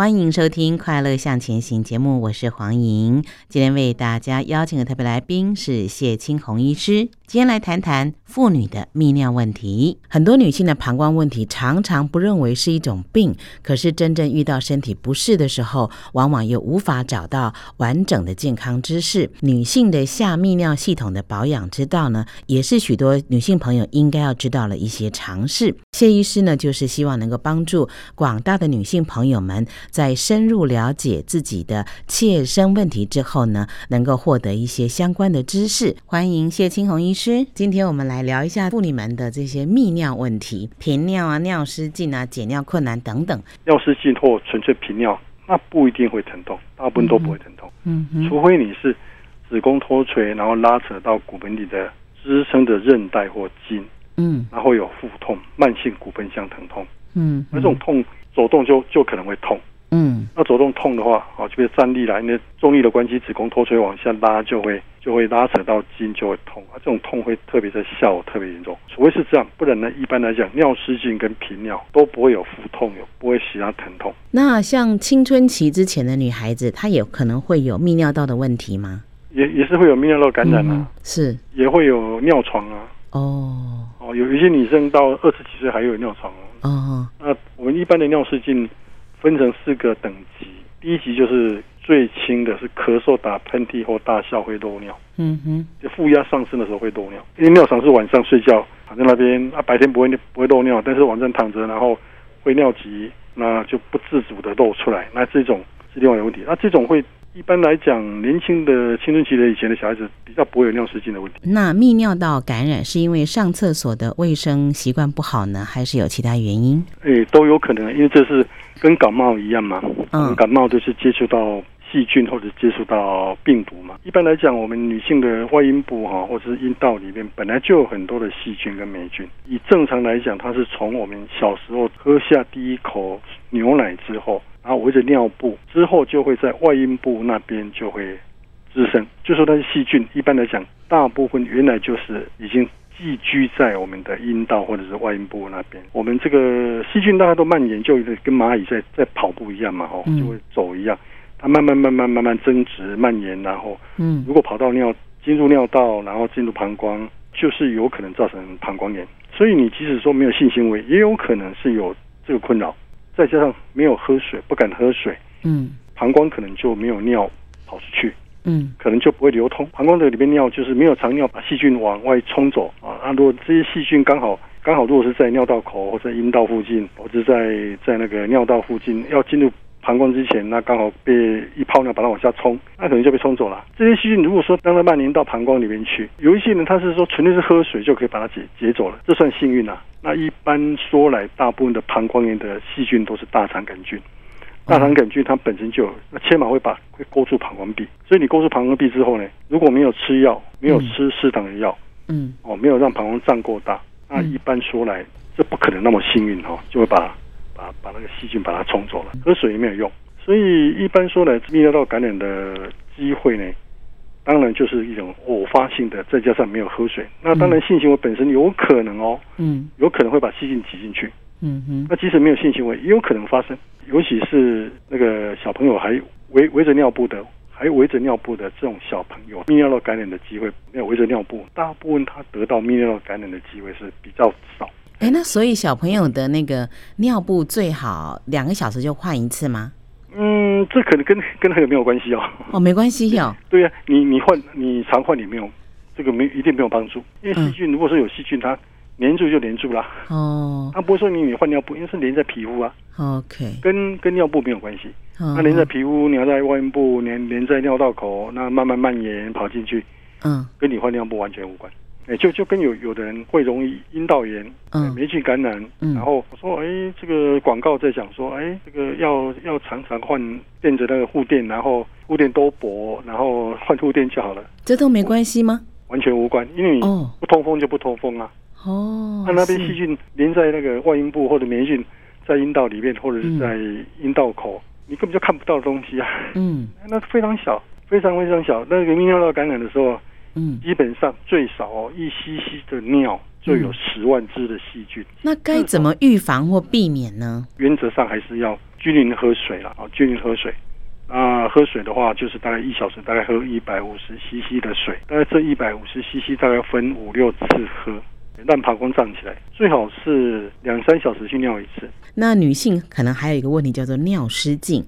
歡迎收聽《快樂向前行》節目，我是黃瑩。今天為大家邀請的特別來賓是謝卿宏醫師。今天來談談婦女的泌尿問題。很多女性的膀胱問題常常不認為是一種病，可是真正遇到身體不適的時候，往往又無法找到完整的健康知識。女性的下泌尿系統的保養之道呢，也是許多女性朋友應該要知道的一些常識。謝醫師呢，就是希望能夠幫助廣大的女性朋友們。在深入了解自己的切身問題之後呢，能夠獲得一些相關的知識。歡迎謝卿宏醫師，今天我們來聊一下婦女們的這些泌尿問題，頻尿啊、尿失禁啊、解尿困難等等。尿失禁或純粹頻尿，那不一定會疼痛，大部分都不會疼痛。嗯嗯，嗯嗯，除非你是子宮脫垂，然後拉扯到骨盆裡的支撐的韌帶或筋，嗯，然後有腹痛、慢性骨盆腔疼痛，嗯，那、嗯、種痛走動就就可能會痛。嗯，那走動痛的話，哦，就別站立來，因為重力的關係，子宮脫垂往下拉，就會就會拉扯到筋，就會痛啊。這種痛會特別在下午，特別嚴重。除非是這樣，不然呢？一般來講，尿失禁跟頻尿都不會有腹痛，有不會其他疼痛。那像青春期之前的女孩子，她也可能會有泌尿道的問題嗎？也也是會有泌尿道感染啊，嗯、是也會有尿床啊？哦、oh. 哦，有一些女生到二十幾歲還有尿床哦。Oh. 那我們一般的尿失禁。分成四個等級，第一級就是最輕的，是咳嗽、打噴嚏或大笑會漏尿。嗯哼，就負壓上升的時候會漏尿，因為尿床是晚上睡覺躺在那邊，啊白天不會不會漏尿，但是晚上躺着然後會尿急，那就不自主地漏出來，那這種是另外一個問題，那這種會。一般來講，年輕的青春期的以前的小孩子比較不會有尿失禁的問題。那泌尿道感染是因為上廁所的衛生習慣不好呢？還是有其他原因？誒、欸，都有可能，因為這是跟感冒一樣嘛。嗯，感冒都是接觸到。細菌或者接觸到病毒嘛。一般來講，我們女性的外陰部哈、啊，或者是陰道裡面本來就有很多的細菌跟黴菌。以正常來講，它是從我們小時候喝下第一口牛奶之後，然後圍着尿布之後，就會在外陰部那邊就會滋生。就說它是細菌，一般來講，大部分原來就是已經寄居在我們的陰道或者是外陰部那邊。我們這個細菌大家都蔓延，就跟跟螞蟻在在跑步一樣嘛、哦，就會走一樣。它慢慢慢慢慢慢增殖、蔓延，然後，嗯，如果跑到尿進入尿道，然後進入膀胱，就是有可能造成膀胱炎。所以你即使說沒有性行為，也有可能是有這個困擾。再加上沒有喝水，不敢喝水，嗯，膀胱可能就沒有尿跑出去，嗯，可能就不會流通。膀胱的裡邊尿就是沒有常尿把細菌往外沖走啊。那如果這些細菌剛好剛好如果是在尿道口或者在陰道附近，或者在在那個尿道附近要進入。膀胱之前，那剛好被一泡尿把它往下衝，那可能就被衝走了。這些細菌如果說當它蔓延到膀胱裡面去，有一些人他是說純粹是喝水就可以把它解解走了，這算幸運啊。那一般說來，大部分的膀胱炎的細菌都是大腸桿菌。大腸桿菌它本身就有，那纖毛會把會勾住膀胱壁，所以你勾住膀胱壁之後呢，如果沒有吃藥，沒有吃適當的藥，嗯，哦，嗯、沒有讓膀胱脹夠大，那一般說來，這不可能那麼幸運哦，就會把。把把那個細菌把它沖走了，喝水也沒有用。所以一般說呢，泌尿道感染的機會呢，當然就是一種偶發性的，再加上沒有喝水。那當然性行為本身有可能哦，嗯，有可能會把細菌擠進去。嗯嗯哼，那即使沒有性行為，也有可能發生。尤其是那個小朋友還圍圍着尿布的，還圍着尿布的這種小朋友，泌尿道感染的機會，沒有圍着尿布，大部分他得到泌尿道感染的機會是比較少。哎，那所以小朋友的那個尿布最好兩個小時就換一次嗎？嗯，這可能跟跟那個沒有關係哦？哦，沒關係哦。對呀、啊，你你換你常換也沒有，這個沒一定沒有幫助。因為細菌、嗯、如果說有細菌，它粘住就粘住了。哦，那、啊、不是說你你換尿布，因為是粘在皮膚啊。OK，跟跟尿布沒有關係。那、哦、粘在皮膚，粘在外陰部，粘粘在尿道口，那慢慢蔓延跑進去，嗯，跟你換尿布完全無關。欸、就就跟有有的人會容易陰道炎、嗯，霉、欸、菌感染，嗯，然後我說，哎、欸，這個廣告在講說，哎、欸，這個要要常常換墊着那個護墊，然後護墊多薄，然後換護墊就好了。這都沒關係嗎？完全無關，因為你不通風就不通風啊。哦，那、啊、那邊細菌粘在那個外陰部，或者霉菌在陰道裡面，或者是在陰道口，嗯、你根本就看不到的東西啊。嗯、欸，那非常小，非常非常小。那個泌尿道感染的時候。嗯，基本上最少哦一 cc 的尿就有十萬隻的細菌。嗯，那該怎麼預防或避免呢？原則上還是要均勻喝水啦。啊，均勻喝水。啊，喝水的話就是大概一小時大概喝一百五十 cc 的水，大概這一百五十 cc 大概分五六次喝，讓膀胱脹起來。最好是兩三小時去尿一次。那女性可能還有一個問題叫做尿失禁。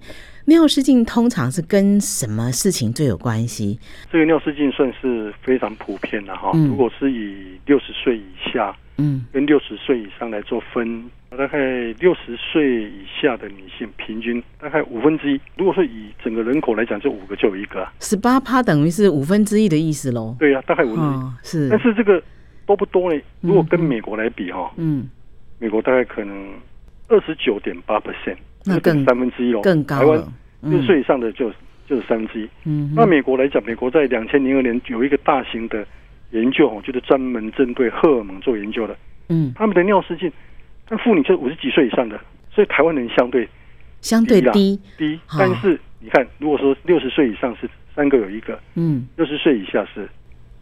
尿失禁通常是跟什麼事情最有關係？這個尿失禁算是非常普遍的。哈、嗯。如果是以六十歲以下，嗯，跟六十歲以上來做分，嗯、大概六十歲以下的女性平均大概五分之一。如果是以整個人口來講，就五個就有一個、啊，十八趴等於是五分之一的意思嘍。對呀、啊，大概五分之一、哦、是。但是這個多不多呢、欸？如果跟美國來比哈、嗯，嗯，美國大概可能二十九點八 percent。那更三分之一嘍，更更高。台灣六十歲以上的就是、就是三分之一。嗯、哼那美國來講，美國在兩千零二年有一個大型的研究哦，就是專門針對荷爾蒙做研究的。嗯，他們的尿失禁，那婦女是五十幾歲以上的，所以台灣人相對相對低低。但是你看，如果說六十歲以上是三個有一個，嗯，六十歲以下是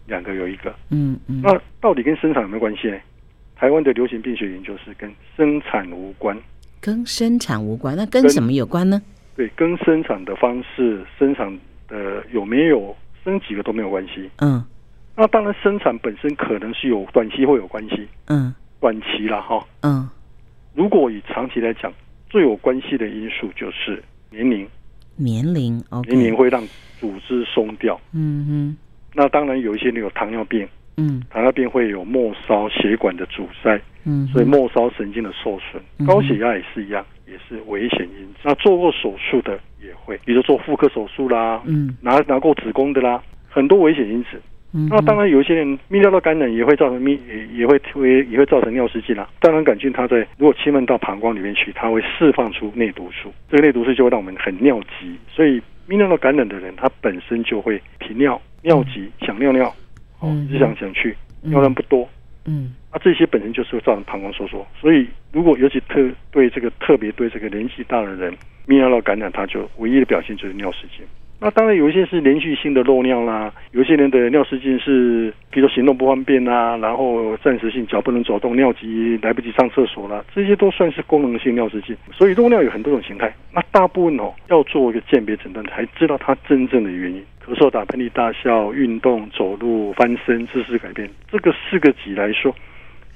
兩個有一個，嗯嗯，嗯那到底跟生產有沒有關係呢？台灣的流行病學研究是跟生產無關。跟生產無關，那跟什麼有關呢？對，跟生產的方式、生產的有沒有生幾個都沒有關係。嗯，那當然生產本身可能是有，或有、嗯、短期會有關係。嗯，短期了哈。嗯，如果以長期來講，最有關係的因素就是年齡。年齡，okay，年齡會讓組織鬆掉。嗯哼，那當然有一些那個糖尿病。嗯，它那邊會有末梢血管的阻塞，嗯，嗯，所以末梢神經的受損。嗯、高血壓也是一樣，也是危險因子。嗯、那做過手術的也會，比如做婦科手術啦，嗯，拿拿過子宮的啦，很多危險因子。嗯、那當然，有些人泌尿道感染也會造成泌，也會也會，也會造成尿失禁啦、啊。大腸桿菌它在如果侵入到膀胱裡面去，它會釋放出內毒素，這個內毒素就會讓我們很尿急。所以泌尿道感染的人，他本身就會頻尿、尿急、想尿尿。哦，只想想去，尿量，嗯嗯、不多，嗯，那、嗯啊、這些本身就是會造成膀胱收縮，所以如果尤其特對這個特別對這個年紀大的人泌尿道感染，它就唯一的表現就是尿失禁。那當然有一些是連續性的漏尿啦，有些人的尿失禁是比如說行動不方便啊，然後暫時性腳不能走動，尿急來不及上廁所啦，這些都算是功能性尿失禁。所以漏尿有很多種形態，那大部分哦要做一個鑑別診斷，才知道它真正的原因。有時候打噴嚏、大笑、運動、走路、翻身、姿勢改變，這個四個幾來說，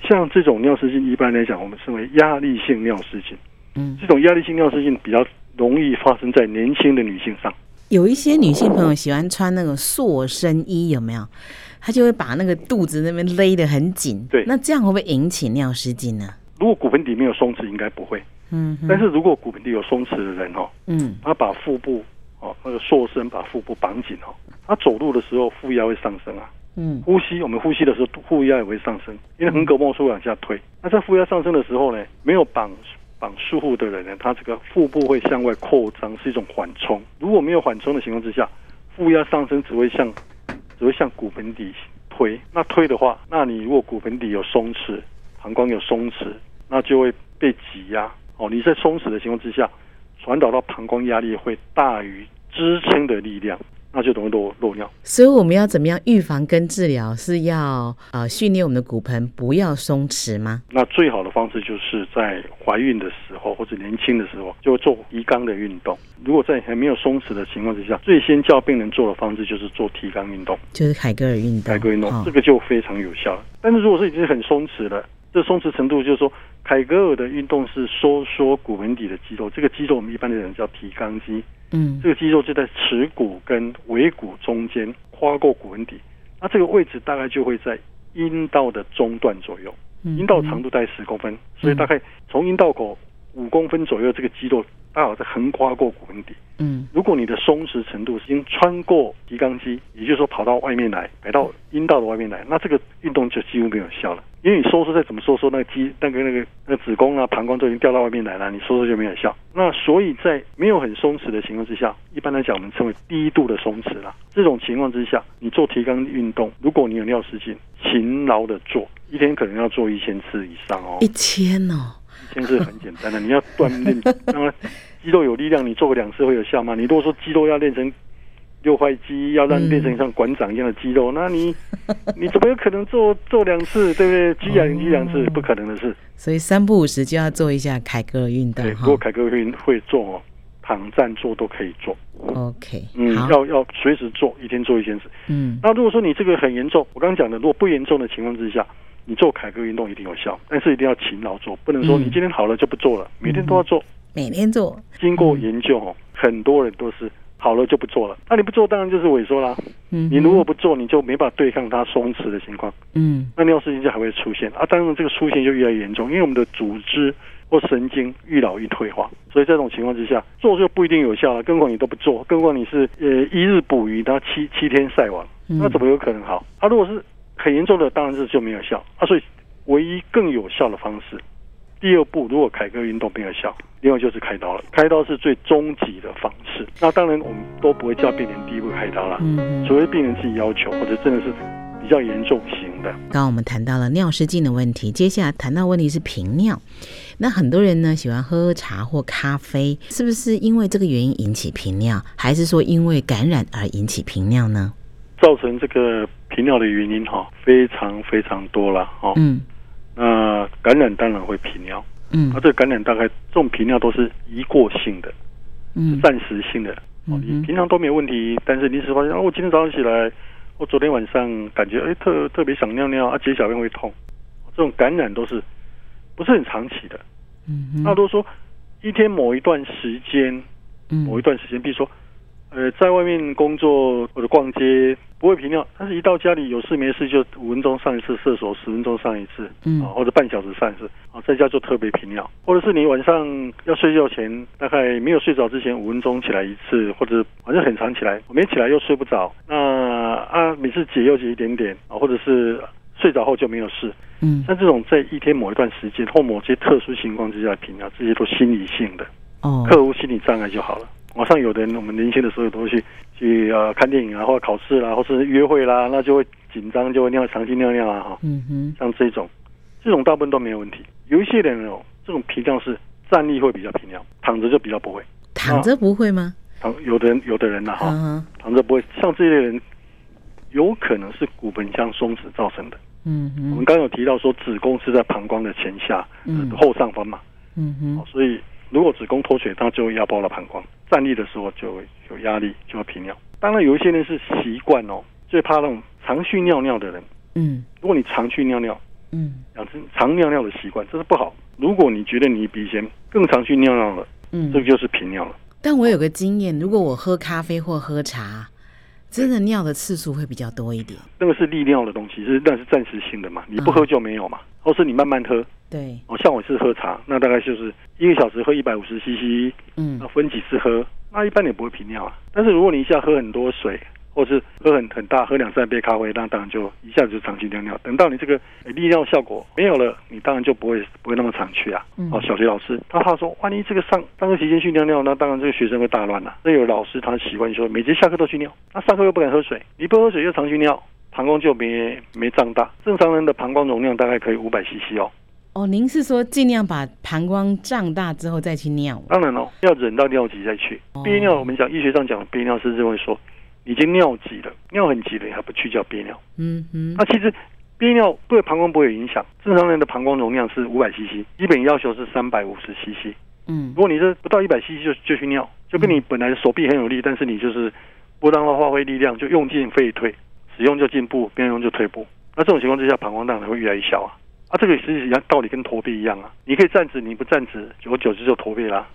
像這種尿失禁，一般來講，我們稱為壓力性尿失禁。嗯，這種壓力性尿失禁比較容易發生在年輕的女性上。有一些女性朋友喜歡穿那個塑身衣，有沒有？她就會把那個肚子那邊勒得很緊。對，那這樣會不會引起尿失禁呢？如果骨盆底沒有鬆弛，應該不會。嗯哼，但是如果骨盆底有鬆弛的人哦，嗯，他把腹部。哦，那個塑身把腹部綁緊哦，他走路的時候腹壓會上升啊。嗯，呼吸，我們呼吸的時候腹壓也會上升，因為橫膈膜是會往下推。那在腹壓上升的時候呢，沒有綁綁束縛的人呢，他這個腹部會向外擴張，是一種緩衝。如果沒有緩衝的情況之下，腹壓上升只會向只會向骨盆底推。那推的話，那你如果骨盆底有鬆弛，膀胱有鬆弛，那就會被擠壓。哦，你在鬆弛的情況之下，傳導到膀胱壓力會大於。支撐的力量，那就等於落漏尿。所以我們要怎麼樣預防跟治療？是要啊、呃、訓練我們的骨盆不要鬆弛嗎？那最好的方式就是在懷孕的時候或者年輕的時候就做提肛的運動。如果在還沒有鬆弛的情況之下，最先叫病人做的方式就是做提肛運動，就是凱格爾運動。凱格爾運動、哦、這個就非常有效了。但是如果是已經很鬆弛了。這鬆弛程度就是說，凱格爾的運動是收縮，縮骨盆底的肌肉。這個肌肉我們一般的人叫提肛肌。嗯，這個肌肉就在恥骨跟尾骨中間跨過骨盆底，那這個位置大概就會在陰道的中段左右。陰道長度大概十公分，所以大概從陰道口五公分左右，這個肌肉。剛好、啊、在橫跨過骨盆底。嗯，如果你的鬆弛程度已經穿過提肛肌，也就是說跑到外面來，排到陰道的外面來，那這個運動就幾乎沒有效了。因為你收縮再怎麼收縮，那個肌，那個那個那子宮啊、膀胱都已經掉到外面來了，你收縮就沒有效。那所以在沒有很鬆弛的情況之下，一般來講，我們稱為低度的鬆弛了。這種情況之下，你做提肛運動，如果你有尿失禁，勤勞的做，一天可能要做一千次以上哦。一千哦。 先是很簡單的，你要鍛鍊，當然肌肉有力量，你做兩次會有效嗎？你如果說肌肉要練成六塊肌，要讓你變成像館長一樣的肌肉，嗯、那你你怎麼有可能做做兩次？對不對？肌兩一兩次，嗯、不可能的事。所以三不五時就要做一下凱格爾運動。對，不過凱格爾運動會做，哦，躺、站、坐都可以做。OK，嗯，好要要隨時做，一天做一件事。嗯，那如果說你這個很嚴重，我剛剛講的，如果不嚴重的情況之下。你做凱格爾運動一定有效，但是一定要勤勞做，不能說你今天好了就不做了，嗯、每天都要做。每天做。經過研究哦，嗯、很多人都是好了就不做了。那、啊、你不做，當然就是萎縮啦。嗯。你如果不做，你就沒辦法對抗它鬆弛的情況。嗯。那那種事情就還會出現啊！當然，這個出現就越來越嚴重，因為我們的組織或神經愈老愈退化，所以在這種情況之下，做就不一定有效了。更何況你都不做，更何況你是呃一日捕魚，然後七七天曬網，那怎麼有可能好？他、嗯啊、如果是。很嚴重的，當然是就沒有效。啊，所以唯一更有效的方式，第二步如果凱格運動沒有效，另外就是開刀了。開刀是最終極的方式。那當然我們都不會叫病人第一步開刀了，除非、嗯、病人自己要求，或者真的是比較嚴重型的。剛剛我們談到了尿失禁的問題，接下來談到問題是頻尿。那很多人呢喜歡喝喝茶或咖啡，是不是因為這個原因引起頻尿，還是說因為感染而引起頻尿呢？造成這個頻尿的原因哈，非常非常多了哈嗯，那、呃、感染當然會頻尿。嗯，啊，這個感染大概這種頻尿都是一過性的，嗯，暫時性的。哦、嗯哼，你平常都沒有問題，但是臨時發現哦、啊，我今天早上起來，我昨天晚上感覺哎、欸，特特別想尿尿啊，解小便會痛。這種感染都是不是很長期的。嗯哼，大多說一天某一段時間，某一段時間，嗯、比如說。呃，在外面工作或者逛街不會頻尿，但是一到家裡有事沒事就五分鐘上一次廁所，十分鐘上一次，嗯，或者半小時上一次。啊，在家就特別頻尿，或者是你晚上要睡覺前，大概沒有睡着之前五分鐘起來一次，或者反正很常起來，沒起來又睡不着，那啊每次解又解一點點啊，或者是睡着後就沒有事。嗯，像這種在一天某一段時間或某些特殊情況之下頻尿，這些都心理性的，克服、哦、心理障礙就好了。網上有的人，我們年輕的時候都會去去呃看電影啊或者考試啦、啊，或是約會啦、啊，那就會緊張，就會尿長期尿尿啊哈。哦、嗯哼，像這種，這種大部分都沒有問題。有一些人哦，這種平常是站立會比較頻尿，躺着就比較不會。躺着不會嗎？啊、躺，有的人有的人呢、啊、哈，哦嗯、哼躺着不會。像這些人，有可能是骨盆腔鬆弛造成的。嗯嗯哼。我們剛，剛有提到說子宮是在膀胱的前下、嗯、後上方嘛。嗯嗯哼、哦、所以如果子宮脫垂，它就會壓迫了膀胱。站立的時候就會有壓力，就會頻尿。當然有一些人是習慣哦，最怕那種常去尿尿的人。嗯，如果你常去尿尿，嗯，養成常尿尿的習慣，這是不好。如果你覺得你比以前更常去尿尿了，嗯，這個就是頻尿了。但我有個經驗，如果我喝咖啡或喝茶。真的尿的次數會比較多一點、嗯，那個是利尿的東西，是那個、是暫時性的嘛，你不喝就沒有嘛，嗯、或是你慢慢喝，對，哦，像我是喝茶，那大概就是一個小時喝一百五十 CC，嗯、啊，那分幾次喝，那一般也不會頻尿啊，但是如果你一下喝很多水。或是喝很很大，喝兩三杯咖啡，那當然就一下子就常去尿尿。等到你這個、欸、利尿效果沒有了，你當然就不會不會那麼常去啊。哦、嗯，小學老師，他怕說萬一這個上上課期間去尿尿，那當然這個學生會大亂了、啊。那有老師他習慣說每節下課都去尿，那上課又不敢喝水，你不喝水又常去尿，膀胱就沒沒脹大。正常人的膀胱容量大概可以五百 CC 哦。哦，您是說盡量把膀胱脹大之後再去尿？當然了、哦，要忍到尿急再去。憋、哦、尿，我們講醫學上講憋尿是認為說。已經尿急了，尿很急了，也還不去叫憋尿。嗯嗯，那、嗯啊、其實憋尿對膀胱不會有影響。正常人的膀胱容量是五百 CC，基本要求是三百五十 CC。嗯，如果你是不到一百 CC 就就去尿，就跟你本來的手臂很有力，嗯、但是你就是不當的發揮力量，就用進廢退，使用就進步，不用就退步。那這種情況之下，膀胱當然會越來越小啊。啊，這個實際上道理跟駝背一樣啊。你可以站直，你不站直，久而久之就駝背啦、啊。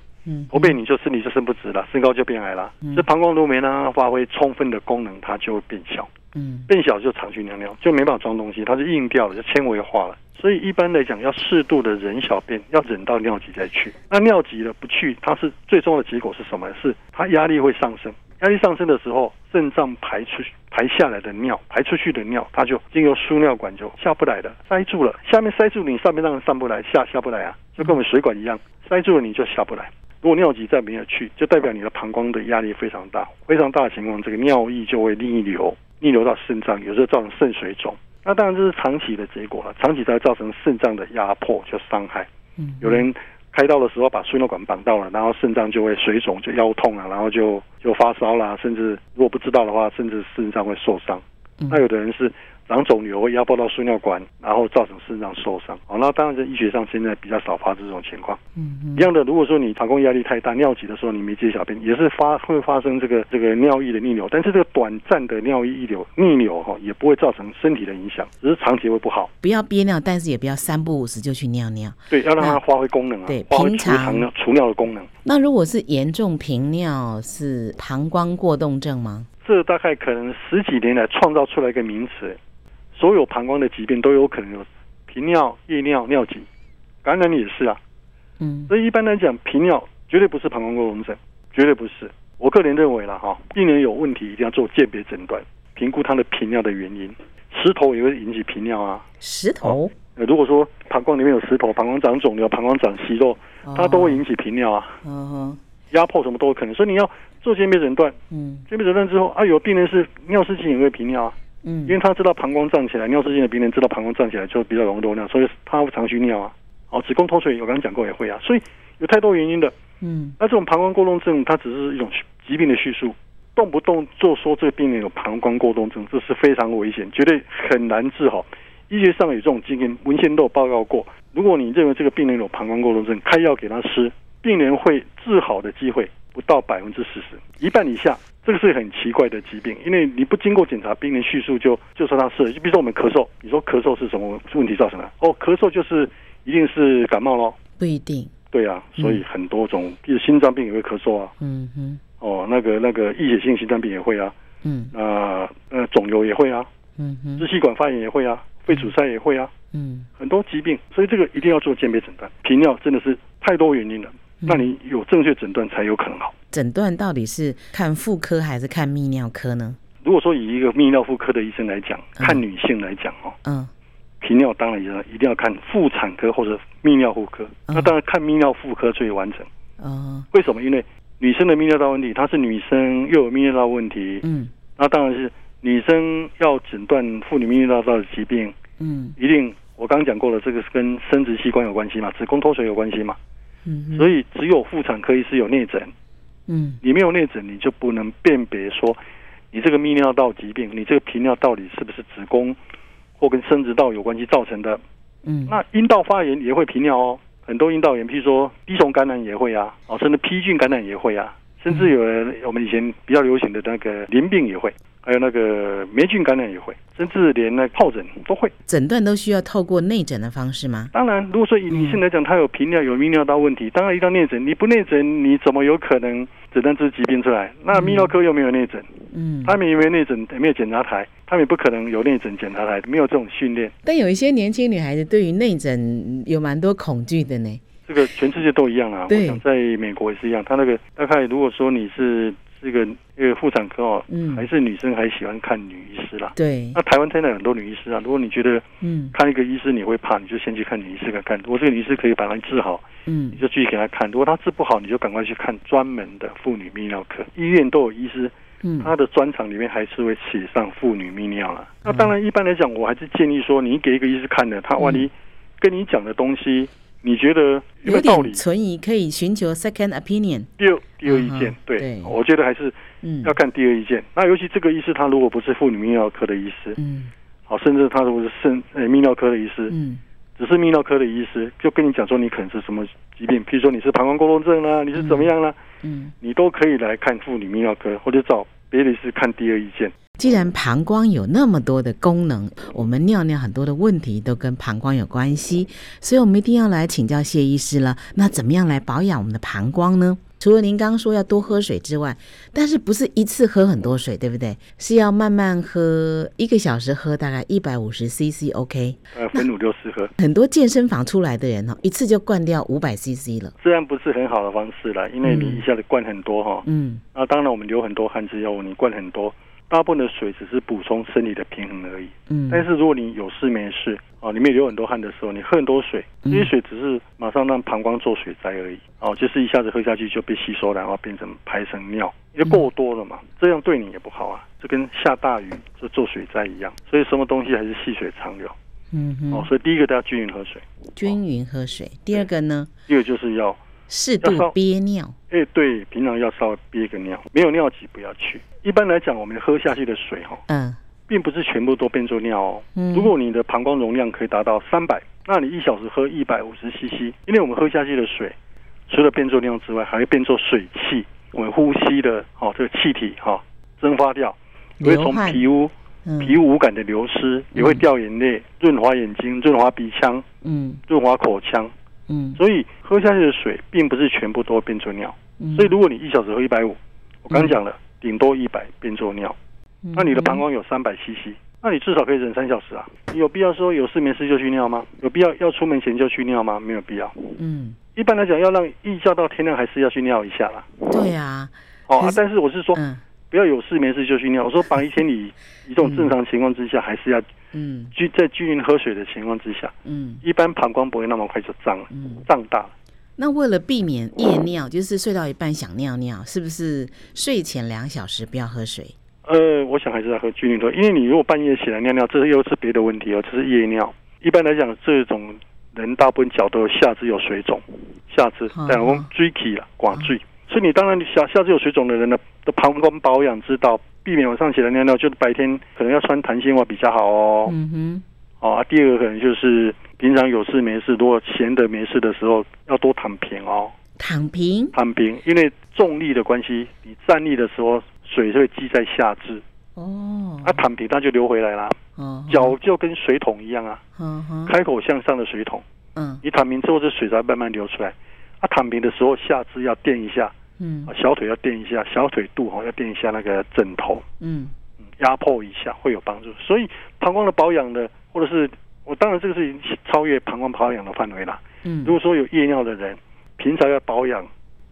駝背、嗯嗯、你就身體就伸不直了，身高就變矮了。這、嗯、膀胱都沒讓它發揮充分的功能，它就會變小。嗯，變小就常去尿尿，就沒辦法裝東西，它就硬掉了，就纖維化了。所以一般來講，要適度的忍小便，要忍到尿急再去。那尿急了不去，它是最重要的結果是什麼？是它壓力會上升。壓力上升的時候，腎臟排出排下來的尿，排出去的尿，它就經由輸尿管就下不來的，塞住了。下面塞住你，上面讓它上不來，下下不來啊，就跟我們水管一樣，塞住了你就下不來。如果尿急再沒有去，就代表你的膀胱的壓力非常大，非常大的情況，這個尿液就會逆流，逆流到腎臟，有時候造成腎水腫。那當然這是長期的結果了，長期才會造成腎臟的壓迫，就傷害。嗯，有人開刀的時候把輸尿管綁到了，然後腎臟就會水腫，就腰痛了，然後就就發燒了，甚至如果不知道的話，甚至腎臟會受傷。嗯，那有的人是。囊腫瘤會壓迫到輸尿管，然後造成腎臟受傷。那當然在醫學上現在比較少發生這種情況。嗯、哼一樣的，如果說你膀胱壓力太大，尿急的時候你沒接小便，也是發會發生這個這個尿液的逆流。但是這個短暫的尿液逆流逆流哈，也不會造成身體的影響，只是長期會不好。不要憋尿，但是也不要三不五時就去尿尿。對，要讓它發揮功能啊。對，平常尿除尿的功能。那如果是嚴重頻尿，是膀胱過動症嗎？這大概可能十幾年來創造出來一個名詞。所有膀胱的疾病都有可能有頻尿、夜尿、尿急，感染也是啊。嗯，所以一般來講，頻尿絕對不是膀胱過動症，絕對不是。我個人認為了哈，病、啊、人有問題一定要做鑑別診斷，評估他的頻尿的原因。石頭也會引起頻尿啊。石頭？那、啊、如果說膀胱裡面有石頭，膀胱長腫瘤，膀胱長息肉，它都會引起頻尿啊。嗯、哦，壓迫什麼都有可能，所以你要做鑑別診斷。嗯，鑑別診斷之後，啊，有病人是尿失禁也會頻尿。啊。嗯，因為他知道膀胱脹起來，尿失禁的病人知道膀胱脹起來就比較容易漏尿，所以他會常去尿啊。好，子宮脫垂我剛剛講過也會啊，所以有太多原因的。嗯，那這種膀胱過動症，它只是一種疾病的敘述，動不動就說這個病人有膀胱過動症，這是非常危險，絕對很難治好。醫學上有這種經驗，文獻都有報告過。如果你認為這個病人有膀胱過動症，開藥給他吃，病人會治好的機會不到百分之四十，一半以下。這個是很奇怪的疾病，因為你不經過檢查，病人敘述就就說他是。就比如說我們咳嗽，你說咳嗽是什麼問題造成的？哦，咳嗽就是一定是感冒咯？不一定。對呀、啊，所以很多種，嗯、比如心臟病也會咳嗽啊。嗯哼。哦，那個那個，淤血性心臟病也會啊。嗯。啊、呃，呃，腫瘤也會啊。嗯哼。支氣管發炎也會啊，肺阻塞也會啊。嗯。很多疾病，所以這個一定要做鑑別診斷。頻尿真的是太多原因了，那你有正確診斷才有可能好。診斷到底是看婦科還是看泌尿科呢？如果說以一個泌尿婦科的醫生來講，嗯、看女性來講哦，嗯，泌尿當然一定要看婦產科或者泌尿婦科，嗯、那當然看泌尿婦科最完整。嗯、哦，為什麼？因為女生的泌尿道問題，她是女生又有泌尿道問題，嗯，那當然是女生要診斷婦女泌尿道,道的疾病，嗯，一定我剛講過了，這個是跟生殖器官有關係嘛，子宮脫垂有關係嘛，嗯哼，所以只有婦產科醫師有內診。嗯，你沒有內診，你就不能辨別說，你這個泌尿道疾病，你這個頻尿到底是不是子宮或跟生殖道有關係造成的？嗯，那陰道發炎也會頻尿哦。很多陰道炎，譬如說滴蟲感染也會啊，哦，甚至滴菌感染也會啊，甚至有人我們以前比較流行的那個淋病也會。還有那個黴菌感染也會，甚至連那疱疹都會。診斷都需要透過內診的方式嗎？當然，如果說以女性來講，她、嗯、有頻尿、有泌尿道問題，當然一定內診。你不內診，你怎麼有可能診斷出疾病出來？那泌尿科又沒有內診，嗯，他們也沒有內診，沒有檢查檯，他們也不可能有內診檢查檯，沒有這種訓練。但有一些年輕女孩子對於內診有蠻多恐懼的呢？這個全世界都一樣啊，對，我想在美國也是一樣。他那個大概如果說你是。這個因為婦產科哦，嗯、還是女生還喜歡看女醫師啦。對，那台灣現在很多女醫師啊，如果你覺得嗯看一個醫師你會怕，你就先去看女醫師看看，如果這個女醫師可以把它治好，嗯，你就繼續給她看。如果她治不好，你就趕快去看專門的婦女泌尿科。醫院都有醫師，他的專長裡面還是會寫上婦女泌尿啦。嗯、那當然，一般來講，我還是建議說，你給一個醫師看的，他萬一跟你講的東西。你覺得有沒有道理？有點存疑，可以尋求 second opinion，第二第二意見、嗯。對，對我覺得還是要看第二意見。嗯、那尤其這個醫師，他如果不是婦女泌尿科的醫師，嗯，好，甚至他如果是腎誒泌尿科的醫師，嗯，只是泌尿科的醫師，就跟你講說你可能是什麼疾病，譬如說你是膀胱過動症啊，你是怎麼樣啦、啊，嗯，你都可以來看婦女泌尿科，或者找別的醫師看第二意見。既然膀胱有那麼多的功能，我們尿尿很多的問題都跟膀胱有關係，所以我們一定要來請教謝醫師了。那怎麼樣來保養我們的膀胱呢？除了您剛剛說要多喝水之外，但是不是一次喝很多水，對不對？是要慢慢喝，一個小時喝大概一百五十 CC，OK？呃，分五六次喝。很多健身房出來的人哦，一次就灌掉五百 CC 了，雖然不是很好的方式了，因為你一下子灌很多哈。嗯，那、啊嗯、當然我們流很多汗之要你灌很多。大部分的水只是補充生理的平衡而已。嗯，但是如果你有事沒事啊，裡面流很多汗的時候，你喝很多水，這些水只是馬上讓膀胱做水災而已。哦、啊，就是一下子喝下去就被吸收了，然後變成排成尿，因為夠多了嘛。嗯、這樣對你也不好啊，就跟下大雨就做水災一樣。所以什麼東西還是細水長流。嗯哦哼、啊，所以第一個都要均勻喝水，均勻喝水。啊、第二個呢，第二個就是要。適度憋尿，哎，欸、對，平常要稍微憋個尿，沒有尿急不要去。一般來講，我們喝下去的水哈、哦，嗯，並不是全部都變作尿哦。如果你的膀胱容量可以達到三百、嗯，那你一小時喝一百五十 CC，因為我們喝下去的水，除了變作尿之外，還會變作水氣，我們呼吸的哦這個氣體哈、哦、蒸發掉，也會從皮膚、流汗，皮膚無感的流失，嗯、也會掉眼淚，潤滑眼睛，潤滑鼻腔，嗯，潤滑口腔。嗯、所以喝下去的水並不是全部都變做尿。嗯、所以如果你一小時喝一百五，我剛講了，頂、嗯、多一百變做尿。嗯、那你的膀胱有三百七 cc，那你至少可以忍三小時啊。你有必要說有事沒事就去尿嗎？有必要要出門前就去尿嗎？沒有必要。嗯，一般來講，要讓一覺到天亮，還是要去尿一下啦。對啊，哦啊，但是我是說。嗯不要有事沒事就去尿。我說跑一千你一種正常情況之下，嗯、還是要，嗯，均在均勻喝水的情況之下，嗯，一般膀胱不會那麼快就脹了，嗯，脹大了。那為了避免夜尿， 就是睡到一半想尿尿，是不是睡前兩小時不要喝水？呃，我想還是要喝均勻的，因為你如果半夜起來尿尿，這又是別的問題哦，這是夜尿。一般來講，這種人大部分腳都有下肢有水腫，下肢，嗯、但我們椎體了，管椎、嗯。水所以你當然，你下下肢有水腫的人呢，的膀胱保養之道，避免晚上起來尿尿，就白天可能要穿彈性襪比較好哦。嗯哼。哦，啊、第二個可能就是平常有事沒事，如果閒得沒事的時候，要多躺平哦。躺平。躺平，因為重力的關係，你站立的時候水就會積在下肢。哦。啊，躺平它就流回來了。嗯、哦哼。腳就跟水桶一樣啊。嗯、哦、哼。開口向上的水桶。嗯。你躺平之後，這水才慢慢流出來。啊，躺平的時候下肢要墊一下。嗯，小腿要墊一下，小腿肚哈要墊一下那個枕頭，嗯，壓迫一下會有幫助。所以膀胱的保養呢，或者是我當然這個是超越膀胱保養的範圍了。嗯，如果說有夜尿的人，平常要保養，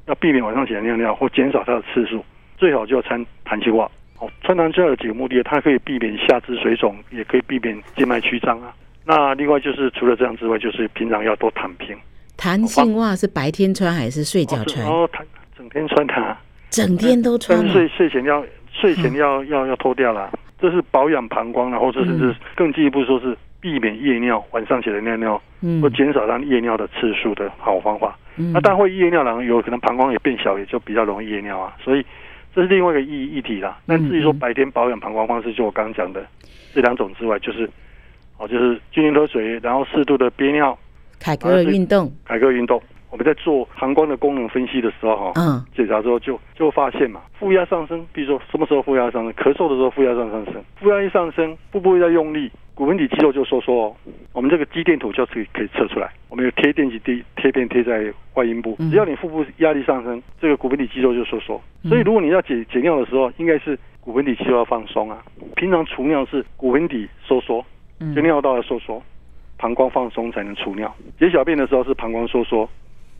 要避免晚上起來尿尿或減少它的次數，最好就要穿彈性襪。哦，穿彈性襪有幾個目的，它可以避免下肢水腫，也可以避免靜脈曲張啊。那另外就是除了這樣之外，就是平常要多躺平。彈性襪是白天穿還是睡覺穿？哦，整天穿它，整天都穿。睡睡前要睡前要、哦、要要脫掉啦，這是保養膀胱然或者是、嗯、更進一步說是避免夜尿，晚上起來尿尿，或減少讓夜尿的次數的好方法。嗯、那但會夜尿然後有可能膀胱也變小，也就比較容易夜尿啊。所以這是另外一個議議題啦。那至於說白天保養膀胱方式，就我剛剛講的這兩種之外，就是哦，就是均勻喝水，然後適度的憋尿，凱格爾運動，凱格爾運動。我們在做膀胱的功能分析的時候哈、哦，嗯，檢查之後就就發現嘛，腹壓上升，比如說什麼時候腹壓上升？咳嗽的時候腹壓上上升，腹壓一上升，腹部要用力，骨盆底肌肉就收縮、哦。我們這個肌電圖就可以可以測出來。我們有貼電極貼貼片貼在外陰部，只要你腹部壓力上升，這個骨盆底肌肉就收縮。所以如果你要解解尿的時候，應該是骨盆底肌肉要放鬆啊。平常儲尿是骨盆底收縮，就尿道的收縮，膀胱放鬆才能儲尿。解小便的時候是膀胱收縮。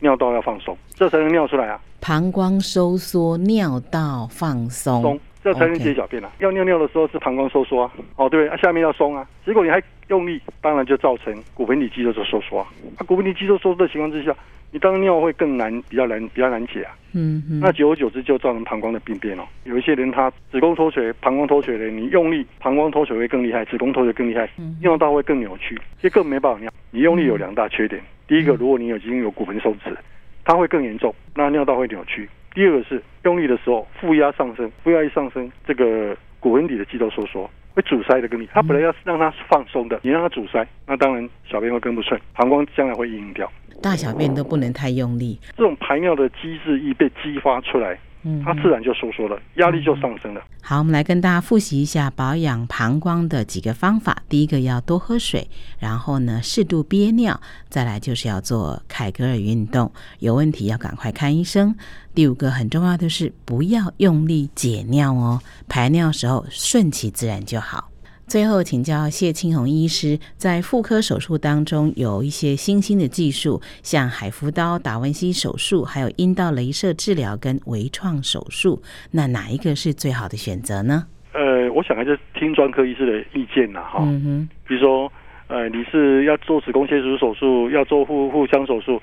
尿道要放鬆，這才能尿出來啊。膀胱收縮，尿道放鬆，鬆，這才能解小便啊。Okay. 要尿尿的時候是膀胱收縮啊，哦，對，對、啊、下面要鬆啊。結果你還用力，當然就造成骨盆底肌肉的收縮啊。骨盆底肌肉收縮的情況之下，你當然尿會更難，比較難，比較難解啊。嗯嗯哼。那久而久之就造成膀胱的病變哦。有一些人他子宮脫垂、膀胱脫垂的人，你用力，膀胱脫垂會更厲害，子宮脫垂更厲害，尿道會更扭曲，就、嗯、哼更沒辦法尿。你用力有兩大缺點。嗯第一個，如果你已經有骨盆鬆弛，它會更嚴重，那尿道會扭曲。第二個是用力的時候，負壓上升，負壓一上升，這個骨盆底的肌肉收縮，縮會阻塞的更厲害。它本來要讓它放鬆的，你讓它阻塞，那當然小便會更不順，膀胱將來會硬，硬掉。大小便都不能太用力，這種排尿的機制易被激發出來。嗯，它自然就收縮了，壓力就上升了。好，我們來跟大家複習一下保養膀胱的幾個方法。第一個要多喝水，然後呢，適度憋尿，再來就是要做凱格爾運動。有問題要趕快看醫生。第五個很重要的是，不要用力解尿哦，排尿時候順其自然就好。最後請教謝卿宏醫師，在婦科手術當中有一些新興的技術，像海扶刀、達文西手術，還有陰道鐳射治療跟微創手術，那哪一個是最好的選擇呢？呃，我想還是聽專科醫師的意見吶、啊，哈、嗯哼。嗯嗯。比如說，呃，你是要做子宮切除手術，要做腹腹腔手術，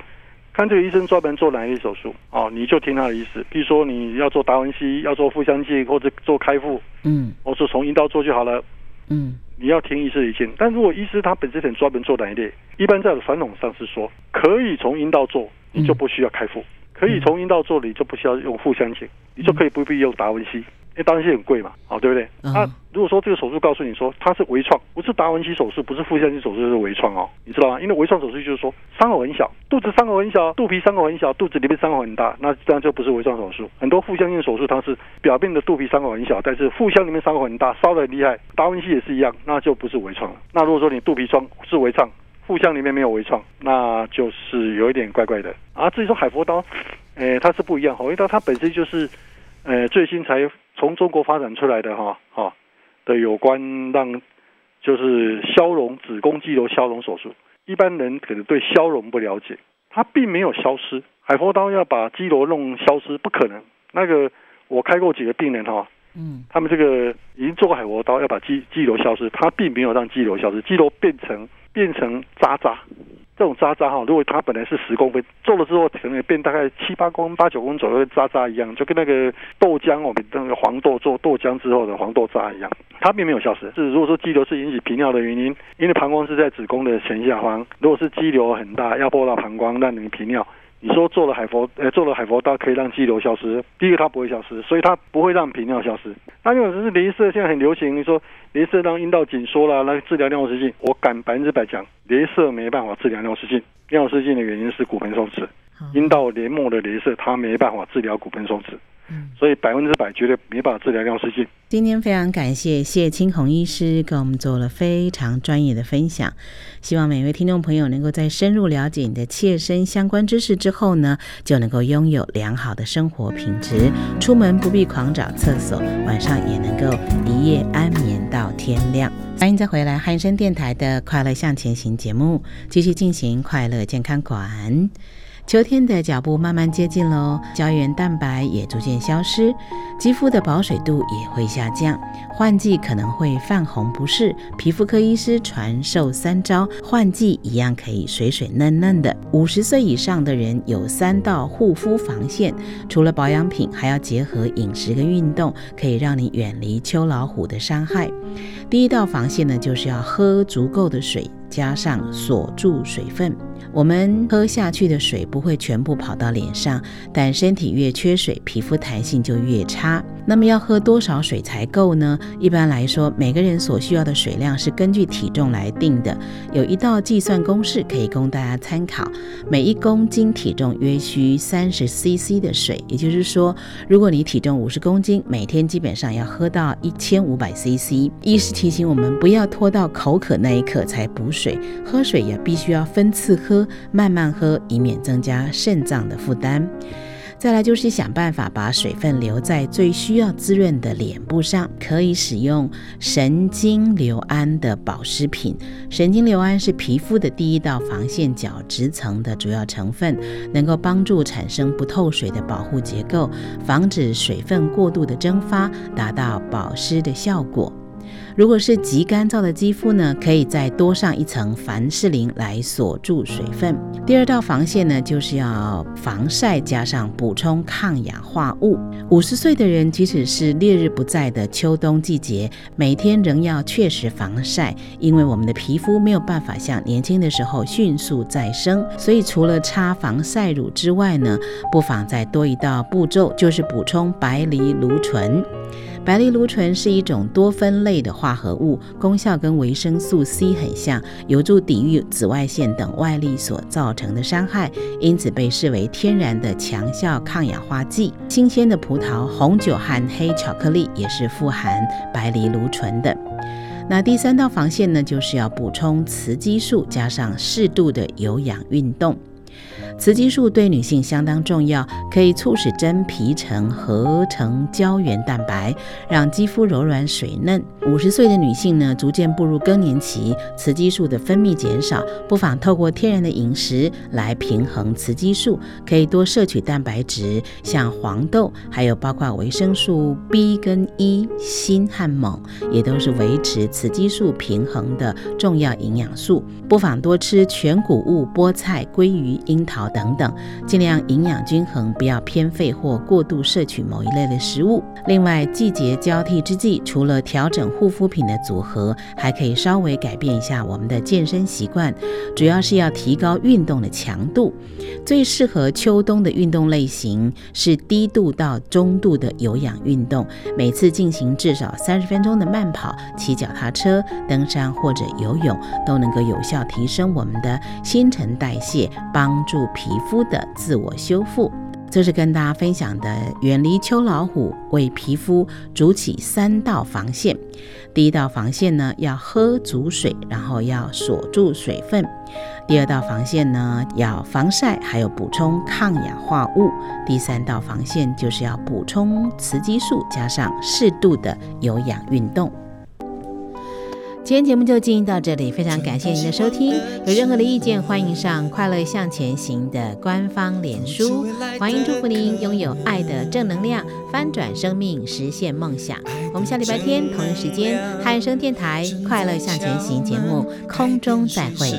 看這個醫生專門做哪一類手術哦、啊，你就聽他的意思。比如說，你要做達文西，要做腹腔鏡，或者做開腹，嗯，或者從陰道做就好了。嗯，你要聽醫師的意見，但如果醫師他本身很專門做哪一類，一般在傳統上是說，可以從陰道做，你就不需要開腹；嗯、可以從陰道做，你就不需要用腹腔鏡，嗯、你就可以不必用達文西。哎，達、欸、文西很貴嘛，哦，對不對？那、嗯啊、如果說這個手術告訴你說它是微創，不是達文西手術，不是腹腔鏡手術，就是微創哦，你知道嗎？因為微創手術就是說傷口很小，肚子傷口很小，肚皮傷口很小，肚子裡面傷口很大，那這樣就不是微創手術。很多腹腔鏡手術它是表面的肚皮傷口很小，但是腹腔裡面傷口很大，燒得很厲害。達文西也是一樣，那就不是微創了。那如果說你肚皮傷是微創，腹腔裡面沒有微創，那就是有一點怪怪的。啊，至於說海博刀，呃、它是不一樣，海博刀它本身就是。呃，最新才從中國發展出來的哈，哈、哦、的、哦、有關讓，就是消融子宮肌瘤消融手術，一般人可能對消融不了解，它並沒有消失。海扶刀要把肌瘤弄消失不可能，那個我開過幾個病人哈，嗯、哦，他們這個已經做過海扶刀要把肌肌瘤消失，它並沒有讓肌瘤消失，肌瘤變成變成渣渣。這種渣渣哈、哦，如果它本來是十公分，做了之後可能也變大概七八公分、八九公分左右的渣渣一樣，就跟那個豆漿哦，跟那個黃豆做豆漿之後的黃豆渣一樣，它並沒有消失。是如果說肌瘤是引起頻尿的原因，因為膀胱是在子宮的前下方，如果是肌瘤很大壓迫到膀胱，讓你頻尿。你說做了海扶，呃，做了海扶它可以讓肌瘤消失，第一個它不會消失，所以它不會讓頻尿消失。那那種是雷射，現在很流行。你說雷射讓陰道緊縮了，啊，來治療尿失禁，我敢百分之百講，雷射沒辦法治療尿失禁。尿失禁的原因是骨盆鬆弛，嗯、陰道黏膜的雷射它沒辦法治療骨盆鬆弛。嗯，所以百分之百絕對沒辦法治療尿失禁。今天非常感謝謝卿宏醫師給我們做了非常專業的分享，希望每位聽眾朋友能夠在深入了解你的切身相關知識之後呢，就能夠擁有良好的生活品質，出門不必狂找廁所，晚上也能夠一夜安眠到天亮。歡迎再回來漢聲電台的《快樂向前行》節目，繼續進行快樂健康館。秋天的腳步慢慢接近了哦，膠原蛋白也逐漸消失，肌膚的保水度也會下降，換季可能會泛紅不適。皮膚科醫師傳授三招，換季一樣可以水水嫩嫩的。五十歲以上的人有三道護膚防線，除了保養品，還要結合飲食跟運動，可以讓你遠離秋老虎的傷害。第一道防線呢，就是要喝足夠的水，加上鎖住水分。我們喝下去的水不會全部跑到臉上，但身體越缺水，皮膚彈性就越差。那麼要喝多少水才夠呢？一般來說，每個人所需要的水量是根據體重來定的，有一道計算公式可以供大家參考：每一公斤體重約需三十 CC 的水。也就是說，如果你體重五十公斤，每天基本上要喝到一千五百 CC。醫師提醒我們不要拖到口渴那一刻才補水，喝水也必須要分次喝，慢慢喝，以免增加腎臟的負擔。再來就是想辦法把水分留在最需要滋潤的臉部上，可以使用神經酰胺的保濕品。神經酰胺是皮膚的第一道防線角質層的主要成分，能夠幫助產生不透水的保護結構，防止水分過度的蒸發，達到保濕的效果。如果是極乾燥的肌膚呢，可以再多上一層凡士林來鎖住水分。第二道防線呢，就是要防曬加上補充抗氧化物。五十歲的人，即使是烈日不再的秋冬季節，每天仍要確實防曬，因為我們的皮膚沒有辦法像年輕的時候迅速再生，所以除了擦防曬乳之外呢，不妨再多一道步驟，就是補充白藜蘆醇。白藜蘆醇是一種多酚類的化合物，功效跟維生素 C 很像，有助抵禦紫外線等外力所造成的傷害，因此被視為天然的強效抗氧化劑。新鮮的葡萄、紅酒和黑巧克力也是富含白藜蘆醇的。那第三道防線呢，就是要補充雌激素，加上適度的有氧運動。雌激素對女性相當重要，可以促使真皮層合成膠原蛋白，讓肌膚柔軟水嫩。五十歲的女性呢，逐漸步入更年期，雌激素的分泌減少，不妨透過天然的飲食來平衡雌激素，可以多攝取蛋白質，像黃豆，還有包括維生素 B 跟 E、鋅和錳，也都是維持雌激素平衡的重要營養素。不妨多吃全穀物、菠菜、鮭魚。櫻桃等等，盡量營養均衡，不要偏廢或過度攝取某一類的食物。另外，季節交替之際，除了調整護膚品的組合，還可以稍微改變一下我們的健身習慣，主要是要提高運動的強度。最適合秋冬的運動類型是低度到中度的有氧運動，每次進行至少三十分鐘的慢跑、騎腳踏車、登山或者游泳，都能夠有效提升我們的新陳代謝，幫幫助皮膚的自我修復。這是跟大家分享的，遠離秋老虎，為皮膚築起三道防線。第一道防線呢，要喝足水，然後要鎖住水分；第二道防線呢，要防曬，還有補充抗氧化物；第三道防線就是要補充雌激素，加上適度的有氧運動。今天節目就進行到這裡，非常感謝您的收聽。有任何的意見，歡迎上快樂向前行的官方臉書。歡迎祝福您擁有愛的正能量，翻轉生命，實現夢想。我們下禮拜天同一時間，漢聲電台《快樂向前行》節目，空中再會。